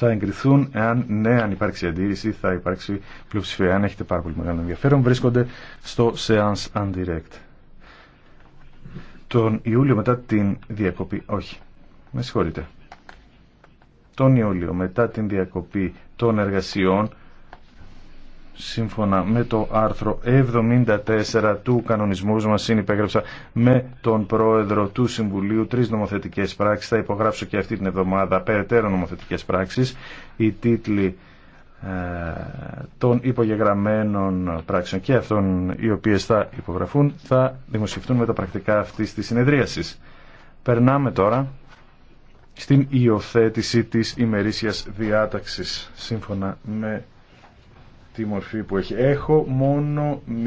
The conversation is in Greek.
θα εγκριθούν εάν ναι, αν υπάρξει αντίρρηση, θα υπάρξει πλειοψηφία. Αν έχετε πάρα πολύ μεγάλο ενδιαφέρον, βρίσκονται στο Seance undirect. Τον Ιούλιο μετά την διακοπή, όχι, με συγχωρείτε. Τον Ιούλιο μετά την διακοπή των εργασιών, σύμφωνα με το άρθρο 74 του κανονισμού μας συνυπέγραψα με τον πρόεδρο του Συμβουλίου τρεις νομοθετικές πράξεις. Θα υπογράψω και αυτή την εβδομάδα περαιτέρω νομοθετικές πράξεις. Οι τίτλοι ε, των υπογεγραμμένων πράξεων και αυτών οι οποίες θα υπογραφούν θα δημοσιευτούν με τα πρακτικά αυτή τη συνεδρίαση. Περνάμε τώρα στην υιοθέτηση της ημερήσιας διάταξης σύμφωνα με τη μορφή που έχει. Έχω μόνο μία